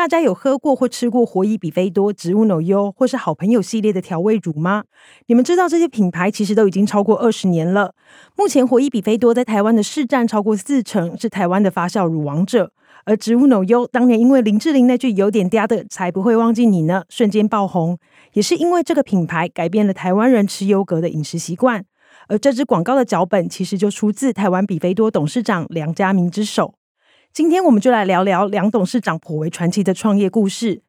大家有喝過或吃過活益比菲多、植物の優或是好朋友系列的調味乳嗎？你們知道這些品牌其實都已經超過二十年了？目前活益比菲多在台灣的市占超過四成，是台灣的發酵乳王者。而植物の優當年因為林志玲那句有點嗲的才不會忘記你呢，瞬間爆紅。也是因為這個品牌改變了台灣人吃優格的飲食習慣。而這支廣告的腳本其實就出自台灣比菲多董事長梁家明之手。今天我們就來聊聊梁董事長頗為傳奇的創業故事。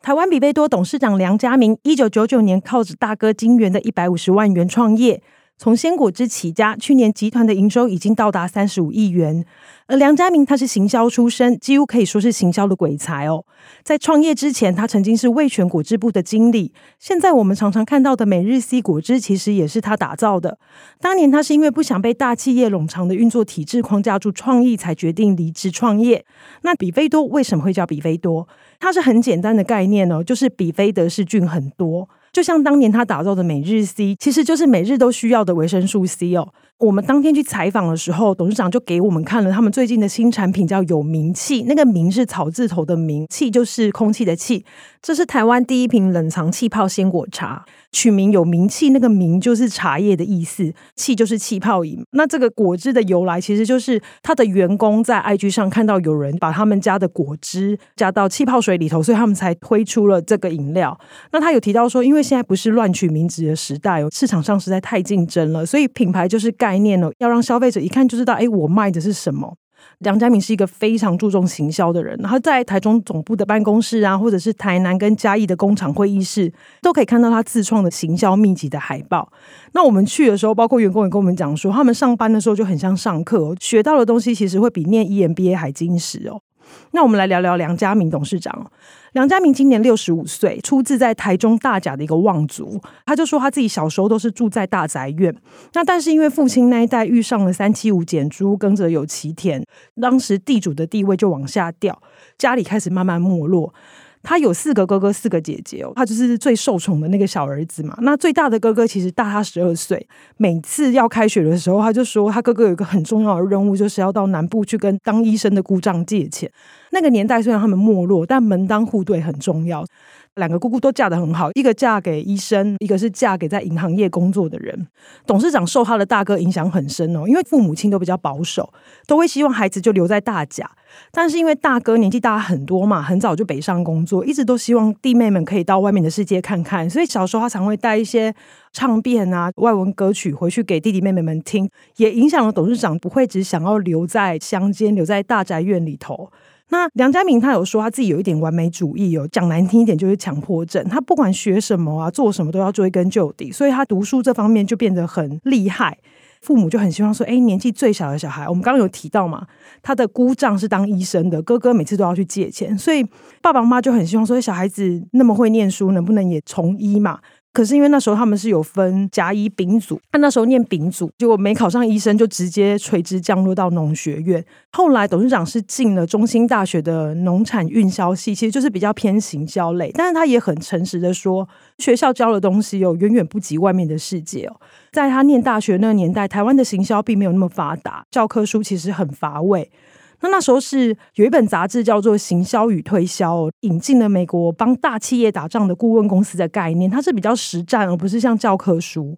台灣比菲多董事長梁家明，一九九九年靠着大哥金援的一百五十萬元創業。從鮮果汁起家，去年集團的營收已經到達三十五億元。而梁家明他是行銷出身，幾乎可以說是行銷的鬼才哦。在創業之前，他曾經是味全果汁部的經理。現在我們常常看到的每日 C 果汁，其實也是他打造的。當年他是因為不想被大企業冗長的運作體制框架住創意，才決定離職創業。那比菲多為什麼會叫比菲多？它是很簡單的概念哦，就是比菲德氏菌很多。就像當年他打造的每日 C，其實就是每日都需要的維生素 C 哦。我們當天去採訪的時候，董事長就給我們看了他們最近的新產品，叫有名氣。那個名是草字頭的名，氣就是空氣的氣。這是台灣第一瓶冷藏氣泡鮮果茶。取名有名“名氣”，那個“名”就是茶葉的意思，“氣”就是氣泡飲。那這個果汁的由來，其實就是他的員工在 IG 上看到有人把他們家的果汁加到氣泡水裡頭，所以他們才推出了這個飲料。那他有提到說，因為現在不是亂取名字的時代，哦，市場上實在太競爭了，所以品牌就是概念哦，要讓消費者一看就知道，哎、欸，我賣的是什麼。梁家銘是一個非常注重行銷的人，然後在台中總部的辦公室啊，或者是台南跟嘉義的工廠會議室，都可以看到他自創的行銷秘籍的海報。那我們去的時候，包括員工也跟我們講說，他們上班的時候就很像上課，哦，學到的東西其實會比念 EMBA 還精實哦。那我們來聊聊梁家明董事長，梁家明今年六十五歲，出自在台中大甲的一個望族。他就說他自己小時候都是住在大宅院，那但是因為父親那一代遇上了三七五減租、跟着有其田，當時地主的地位就往下掉，家裡開始慢慢沒落。他有四個哥哥，四個姐姐哦，他就是最受寵的那個小兒子嘛。那最大的哥哥其實大他十二歲。每次要開學的時候，他就說他哥哥有一個很重要的任務，就是要到南部去跟當醫生的姑丈借錢。那個年代雖然他們沒落，但門當戶對很重要。兩個姑姑都嫁得很好，一個嫁給醫生，一個是嫁給在銀行業工作的人。董事長受他的大哥影響很深哦，因為父母親都比較保守，都會希望孩子就留在大甲。但是因為大哥年紀大很多嘛，很早就北上工作，一直都希望弟妹們可以到外面的世界看看，所以小時候他常會帶一些唱片啊、外文歌曲回去給弟弟妹妹們聽，也影響了董事長不會只想要留在鄉間，留在大宅院裡頭。那梁家銘他有說他自己有一點完美主義哦，有講難聽一點就是強迫症。他不管學什麼啊，做什麼都要追根究底，所以他讀書這方面就變得很厲害。父母就很希望說，誒年紀最小的小孩，我們剛剛有提到嘛，他的姑丈是當醫生的，哥哥每次都要去借錢，所以爸爸媽媽就很希望說，小孩子那麼會唸書，能不能也從醫嘛？可是因為那時候他們是有分甲乙丙組，他那時候念丙組，結果沒考上醫生，就直接垂直降落到農學院。後來董事長是進了中興大學的農產運銷系，其實就是比較偏行銷類。但是他也很誠實的說，學校教的東西有遠遠不及外面的世界哦。在他念大學那個年代，台灣的行銷並沒有那麼發達，教科書其實很乏味。那那時候是有一本雜誌叫做《行銷與推銷》，引進了美國幫大企業打仗的顧問公司的概念，它是比較實戰，而不是像教科書。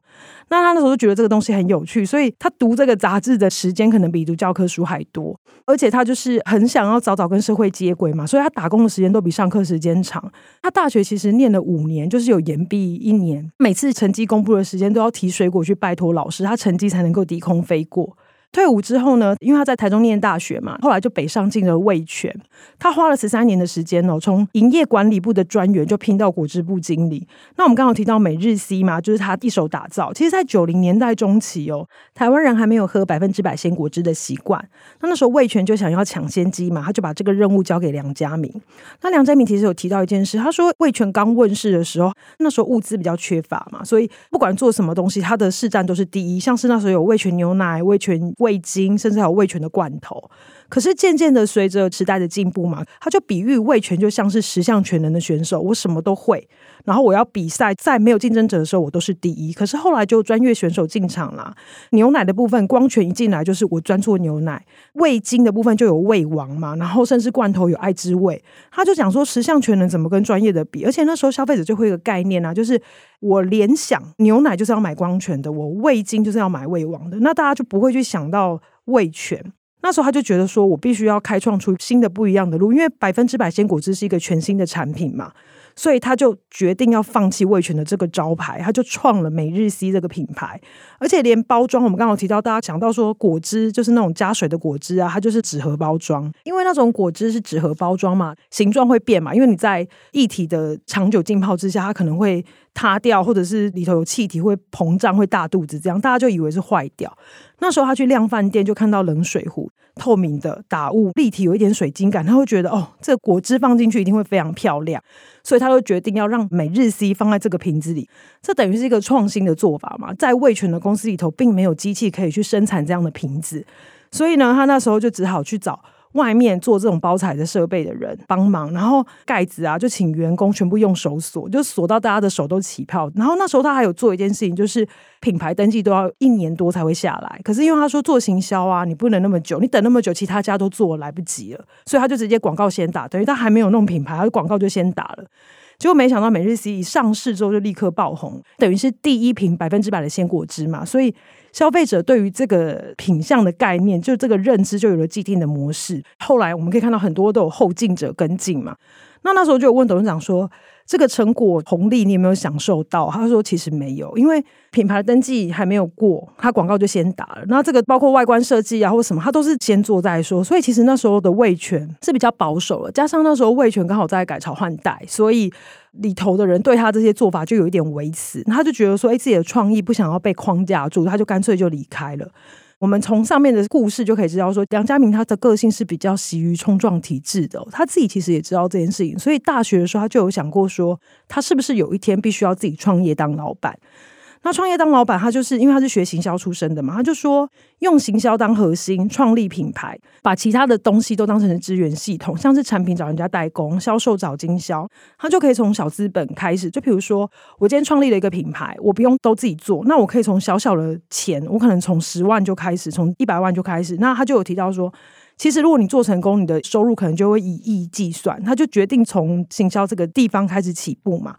那他那時候就覺得這個東西很有趣，所以他讀這個雜誌的時間可能比讀教科書還多，而且他就是很想要早早跟社會接軌嘛，所以他打工的時間都比上課時間長。他大學其實念了五年，就是有延畢一年，每次成績公布的時間都要提水果去拜託老師，他成績才能夠低空飛過。退伍之後呢，因為他在台中念大學嘛，後來就北上進了味全。他花了十三年的時間哦，從營業管理部的專員就拼到果汁部經理。那我們剛好提到每日 C 嘛，就是他一手打造。其實，在九零年代中期哦，台灣人還沒有喝百分之百鮮果汁的習慣。那那時候味全就想要搶先機嘛，他就把這個任務交給梁家明。那梁家明其實有提到一件事，他說味全剛問世的時候，那時候物資比較缺乏嘛，所以不管做什麼東西，他的市占都是第一。像是那時候有味全牛奶、味全。味精，甚至還有味全的罐頭。可是漸漸的，隨着時代的進步嘛，他就比喻味全就像是十項全能的選手，我什麼都會，然後我要比賽，在沒有競爭者的時候，我都是第一。可是後來就專業選手進場了，牛奶的部分，光泉一進來就是我專做牛奶，味精的部分就有味王嘛，然後甚至罐頭有愛之味，他就講說十項全能怎麼跟專業的比？而且那時候消費者就會有一個概念啊，就是我聯想牛奶就是要買光泉的，我味精就是要買味王的，那大家就不會去想到味全。那時候他就覺得說，我必須要開創出新的不一樣的路，因為百分之百鮮果汁是一個全新的產品嘛，所以他就決定要放棄味全的這個招牌，他就創了每日 C 這個品牌。而且連包裝，我們剛好提到，大家講到說果汁就是那種加水的果汁啊，它就是紙盒包裝，因為那種果汁是紙盒包裝嘛，形狀會變嘛，因為你在液體的長久浸泡之下，它可能會塌掉，或者是裡頭有氣體會膨脹會大肚子這樣，大家就以為是壞掉。那時候他去量飯店，就看到冷水壺透明的打霧立體有一點水晶感，他會覺得哦，這個果汁放進去一定會非常漂亮，所以他就決定要讓每日 C 放在這個瓶子裡，這等於是一個創新的做法嘛，在味全的工。公司裡頭並沒有機器可以去生產這樣的瓶子，所以呢，他那時候就只好去找外面做這種包材的設備的人幫忙，然後蓋子啊就請員工全部用手鎖，就鎖到大家的手都起泡。然後那時候他還有做一件事情，就是品牌登記都要一年多才會下來，可是因為他說做行銷啊，你不能那麼久，你等那麼久，其他家都做了，來不及了，所以他就直接廣告先打，等於他還沒有弄品牌，他廣告就先打了。就沒想到每日 C 一上市之後就立刻爆紅，等於是第一瓶百分之百的鮮果汁嘛，所以。消費者對於這個品項的概念，就這個認知就有了既定的模式。後來我們可以看到很多都有後進者跟進嘛。那那時候就有問董事長說：“這個成果紅利你有沒有享受到？”他說：“其實沒有，因為品牌的登記還沒有過，他廣告就先打了。那這個包括外觀設計啊或什麼，他都是先做再說。所以其實那時候的味全是比較保守了。加上那時候味全剛好在改朝換代，所以。”裡頭的人對他這些做法就有一點微詞，他就覺得說誒，自己的創意不想要被框架住，他就乾脆就離開了。我們從上面的故事就可以知道說，說梁家銘他的個性是比較習於衝撞體制的，他自己其實也知道這件事情，所以大學的時候他就有想過說，他是不是有一天必須要自己創業當老板？那創業當老板，他就是因為他是學行銷出身的嘛，他就說用行銷當核心，創立品牌，把其他的東西都當成是資源系統，像是產品找人家代工，銷售找經銷，他就可以從小資本開始。就比如說，我今天創立了一個品牌，我不用都自己做，那我可以從小小的錢，我可能從十萬就開始，從一百萬就開始。那他就有提到說。其實，如果你做成功，你的收入可能就會以億計算。他就決定從行銷這個地方開始起步嘛。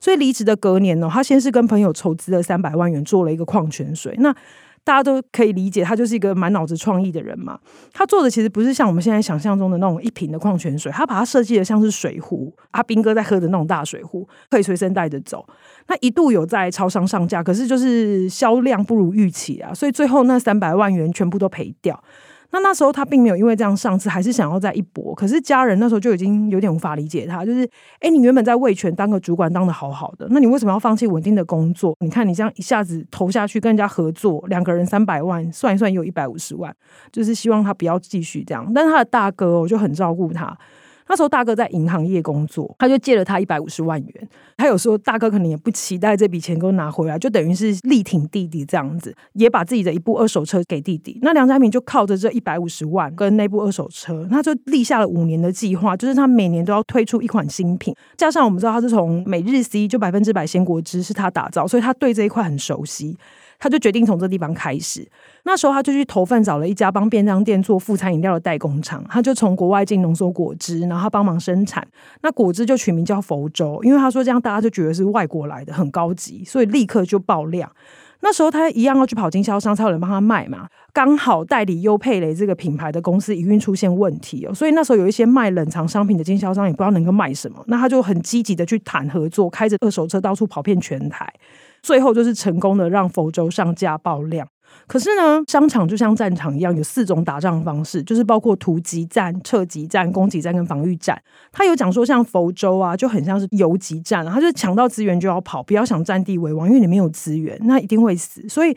所以離職的隔年呢，他先是跟朋友籌資了三百萬元做了一個礦泉水。那大家都可以理解，他就是一個滿腦子創意的人嘛。他做的其實不是像我們現在想象中的那種一瓶的礦泉水，他把它設計的像是水壺，阿兵哥在喝的那種大水壺，可以隨身帶着走。那一度有在超商上架，可是就是銷量不如預期啊，所以最後那三百萬元全部都賠掉。那那時候他並沒有因為這樣喪氣還是想要再一搏。可是家人那時候就已經有點無法理解他，就是，哎、欸，你原本在味全當個主管當得好好的，那你為什麼要放棄穩定的工作？你看你這樣一下子投下去跟人家合作，兩個人三百萬算一算也有一百五十萬，就是希望他不要繼續這樣。但是他的大哥我就很照顧他。那時候大哥在銀行業工作，他就借了他一百五十萬元。他有時候，大哥可能也不期待這筆錢給我拿回來，就等於是力挺弟弟這樣子，也把自己的一部二手車給弟弟。那梁家銘就靠着這一百五十萬跟那部二手車，他就立下了五年的計劃，就是他每年都要推出一款新品。加上我們知道他是從每日 C 就百分之百鮮果汁是他打造，所以他對這一塊很熟悉。他就決定從這地方開始。那時候他就去頭份找了一家幫便當店做副餐飲料的代工廠，他就從國外進濃縮果汁，然後他幫忙生產。那果汁就取名叫佛州，因為他說這樣大家就覺得是外國來的，很高級，所以立刻就爆量。那時候他一樣要去跑經銷商，才有人幫他賣嘛。剛好代理優沛蕾這個品牌的公司營運出現問題哦、喔，所以那時候有一些賣冷藏商品的經銷商也不知道能夠賣什麼，那他就很積極的去談合作，開着二手車到處跑遍全台。最後就是成功的讓佛州上架爆量，可是呢，商場就像戰場一樣，有四種打仗方式，就是包括突擊戰、撤擊戰、攻擊戰跟防禦戰。他有講說，像佛州啊，就很像是游擊戰，他就搶到資源就要跑，不要想占地為王，因為你沒有資源，那一定會死。所以。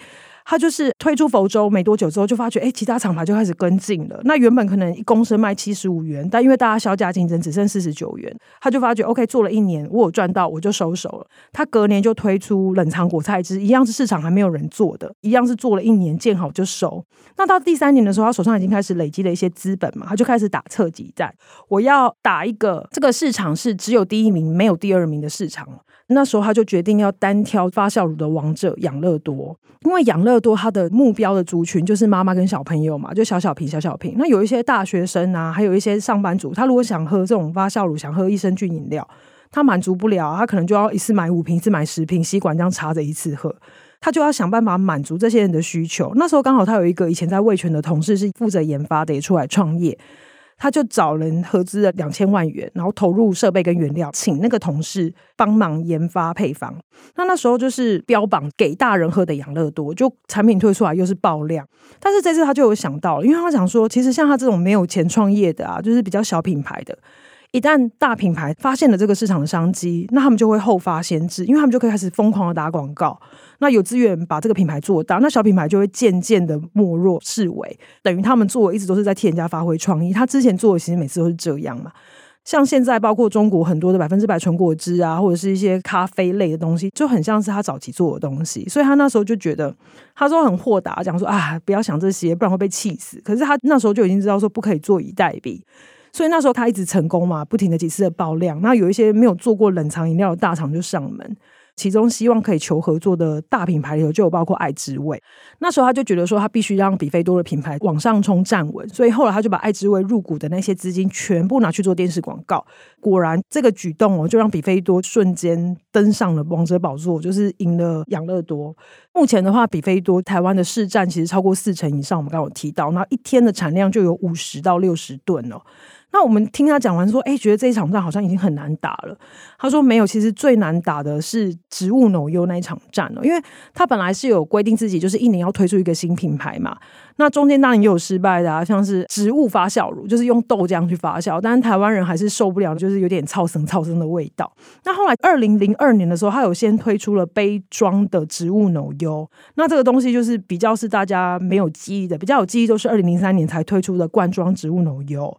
他就是推出佛州沒多久之後，就發覺哎、欸，其他廠牌就開始跟進了。那原本可能一公升賣七十五元，但因為大家削價競爭，只剩四十九元。他就發覺，OK，做了一年，我有賺到，我就收手了。他隔年就推出冷藏果菜汁，一樣是市場還沒有人做的，一樣是做了一年見好就收。那到第三年的時候，他手上已經開始累積了一些資本嘛，他就開始打側擊戰。我要打一個這個市場是只有第一名沒有第二名的市場。那時候他就決定要單挑發酵乳的王者養樂多，因為養樂多它的目標的族群就是媽媽跟小朋友嘛，就小小瓶小小瓶。那有一些大學生啊，還有一些上班族，他如果想喝這種發酵乳，想喝益生菌飲料，他滿足不了，他可能就要一次買五瓶，一次買十瓶，吸管這樣插着一次喝，他就要想辦法滿足這些人的需求。那時候剛好他有一個以前在味全的同事是負責研發的，也出來創業。他就找人合資了兩千萬元，然後投入設備跟原料，請那個同事幫忙研發配方。那那時候就是標榜給大人喝的養樂多，就產品推出來又是爆量。但是這次他就有想到，因為他想說，其實像他這種沒有錢創業的啊，就是比較小品牌的。一旦大品牌發現了這個市場的商機，那他們就會後發先至，因為他們就可以開始瘋狂的打廣告。那有資源把這個品牌做大，那小品牌就會漸漸的沒落式微，等於他們做一直都是在替人家發揮創意。他之前做的其實每次都是這樣嘛，像現在包括中國很多的百分之百純果汁啊，或者是一些咖啡類的東西，就很像是他早期做的東西。所以他那時候就覺得，他說很豁達，講說啊，不要想這些，不然會被氣死。可是他那時候就已經知道說，不可以坐以待斃。所以那時候他一直成功嘛，不停的幾次的爆量。那有一些沒有做過冷藏飲料的大廠就上門，其中希望可以求合作的大品牌裡頭就有包括愛之味。那時候他就覺得說，他必須讓比菲多的品牌往上衝站穩。所以後來他就把愛之味入股的那些資金全部拿去做電視廣告。果然這個舉動哦，就讓比菲多瞬間登上了王者寶座，就是贏了養樂多。目前的話，比菲多台灣的市占其實超過四成以上。我們剛剛有提到，那一天的產量就有五十到六十噸哦。那我們聽他講完說，誒、欸、覺得這一場戰好像已經很難打了。他說沒有，其實最難打的是植物の優那一場戰了，哦，因為他本來是有規定自己就是一年要推出一個新品牌嘛。那中間當然也有失敗的啊，像是植物發酵乳，就是用豆漿去發酵，但是台灣人還是受不了，就是有點糙生糙生的味道。那後來二零零二年的時候，他有先推出了杯裝的植物の優，那這個東西就是比較是大家沒有記憶的，比較有記憶都是二零零三年才推出的罐裝植物の優。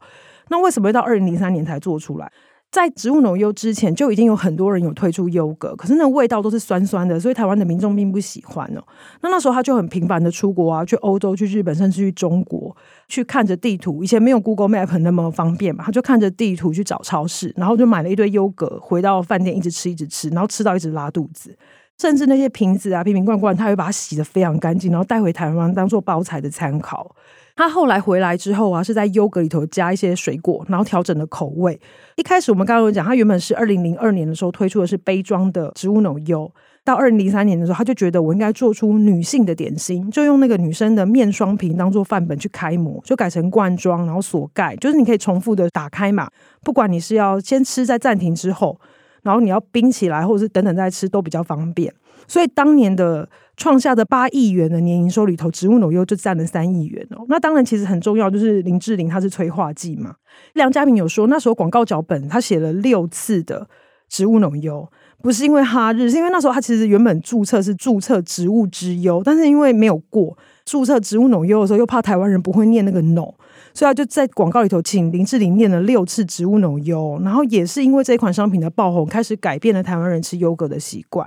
那為什麼會到二零零三年才做出來？在植物の優之前，就已經有很多人有推出優格，可是那個味道都是酸酸的，所以台灣的民眾並不喜歡哦。那那時候他就很頻繁的出國啊，去歐洲、去日本，甚至去中國，去看着地圖。以前沒有 Google Map 很那麼方便嘛，他就看着地圖去找超市，然後就買了一堆優格，回到飯店一直吃，一直吃，然後吃到一直拉肚子。甚至那些瓶子啊、瓶瓶罐罐，他會把它洗得非常乾淨，然後帶回台灣當做包材的參考。他後來回來之後啊，是在優格裡頭加一些水果，然後調整了口味。一開始我們剛剛有講，他原本是二零零二年的時候推出的是杯裝的植物の優，到二零零三年的時候，他就覺得我應該做出女性的點心，就用那個女生的面霜瓶當做範本去開模，就改成罐裝，然後鎖蓋，就是你可以重複的打開嘛，不管你是要先吃再暫停之後，然後你要冰起來，或者是等等再吃都比較方便。所以當年的創下的八億元的年營收裡頭，植物の優就占了三億元哦、喔。那當然，其實很重要，就是林志玲她是催化劑嘛。梁家銘有說，那時候廣告腳本他寫了六次的植物の優，不是因為哈日，是因為那時候他其實原本注冊是注冊植物之優，但是因為沒有過注冊植物の優的時候，又怕台灣人不會念那個の，所以他就在廣告裡頭請林志玲念了六次植物の優。然後也是因為這一款商品的爆紅，開始改變了台灣人吃優格的習慣。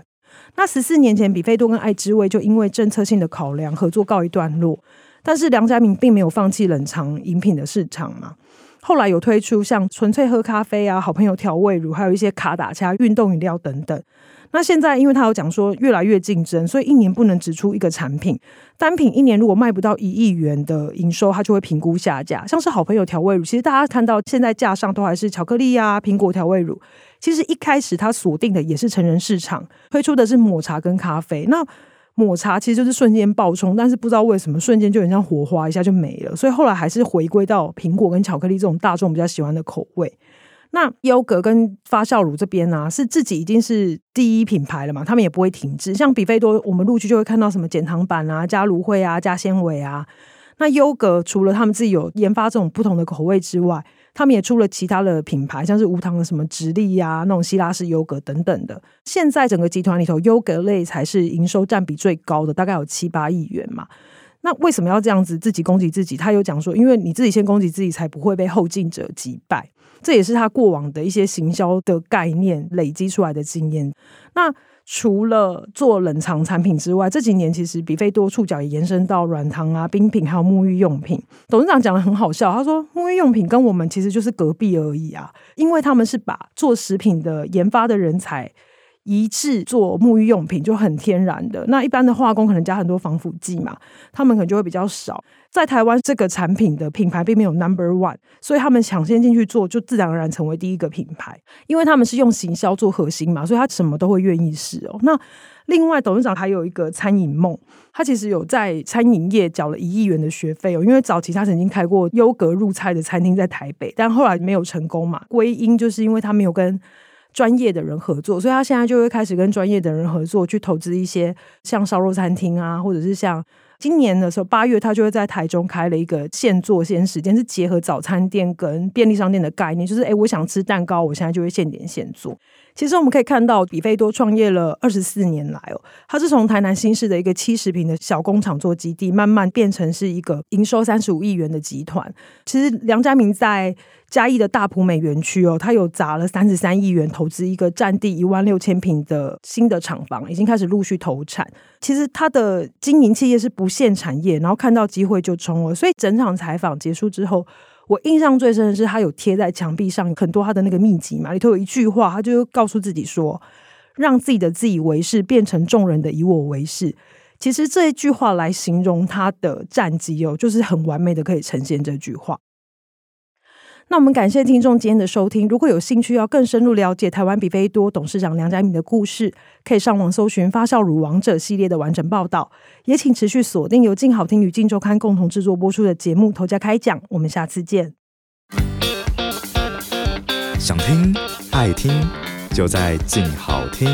那十四年前，比菲多跟愛之味就因為政策性的考量，合作告一段落。但是梁家銘並沒有放棄冷藏飲品的市場嘛。後來有推出像純粹喝咖啡啊、好朋友調味乳，還有一些卡打掐運動飲料等等。那現在因為他有講說越來越競爭，所以一年不能只出一個產品單品。一年如果賣不到一億元的營收，他就會評估下架。像是好朋友調味乳，其實大家看到現在架上都還是巧克力啊、蘋果調味乳。其實一開始它鎖定的也是成人市場，推出的是抹茶跟咖啡。那抹茶其實就是瞬間爆衝，但是不知道為什麼瞬間就很像火花一下就沒了，所以後來還是回歸到蘋果跟巧克力這種大眾比較喜歡的口味。那優格跟發酵乳這邊呢、啊，是自己已經是第一品牌了嘛，他們也不會停滯。像比菲多，我們陸續就會看到什麼減糖版啊、加蘆薈啊、加纖維啊。那優格除了他們自己有研發這種不同的口味之外，他們也出了其他的品牌，像是無糖的什麼直立呀、啊、那種希臘式優格等等的。現在整個集團裡頭，優格類才是營收佔比最高的，大概有七八億元嘛。那為什麼要這樣子自己攻擊自己？他有講說，因為你自己先攻擊自己，才不會被後進者擊敗。這也是他過往的一些行銷的概念累積出來的經驗。那。除了做冷藏產品之外，這幾年其實比菲多觸角也延伸到軟糖啊、冰品還有沐浴用品。董事長講得很好笑，他說，沐浴用品跟我們其實就是隔壁而已啊，因為他們是把做食品的研發的人才。一致做沐浴用品就很天然的，那一般的化工可能加很多防腐劑嘛，他們可能就會比較少。在台灣，這個產品的品牌並沒有 Number One，所以他們搶先進去做，就自然而然成為第一個品牌。因為他們是用行銷做核心嘛，所以他什麼都會願意試哦。那另外董事長還有一個餐飲夢，他其實有在餐飲業繳了一億元的學費哦。因為早期他曾經開過優格入菜的餐廳在台北，但後來沒有成功嘛，歸因就是因為他沒有跟。專業的人合作，所以他現在就會開始跟專業的人合作，去投資一些像燒肉餐廳啊，或者是像今年的時候八月，他就會在台中開了一個現做先時間，是結合早餐店跟便利商店的概念，就是誒、欸、我想吃蛋糕，我現在就會現點現做。其實我們可以看到，比菲多創業了二十四年來哦，他是從台南新市的一個七十坪的小工廠做基地，慢慢變成是一個營收三十五億元的集團。其實梁家明在嘉義的大埔美園區哦，他有砸了三十三億元投資一個占地一萬六千坪的新的廠房，已經開始陸續投產。其實他的經營企業是不限產業，然後看到機會就衝了。所以整場採訪結束之後。我印象最深的是，他有貼在牆壁上很多他的那個秘籍嘛，裡頭有一句話，他就告訴自己說，讓自己的自以為是變成眾人的以我為是。其實這一句話來形容他的戰績哦，就是很完美的可以呈現這句話。那我們感謝聽眾今天的收聽。如果有興趣要更深入了解台灣比菲多董事長梁家銘的故事，可以上網搜尋“發酵乳王者”系列的完整報道。也請持續鎖定由鏡好聽與鏡週刊共同制作播出的節目《頭家開講》。我們下次見。想聽愛聽，就在鏡好聽。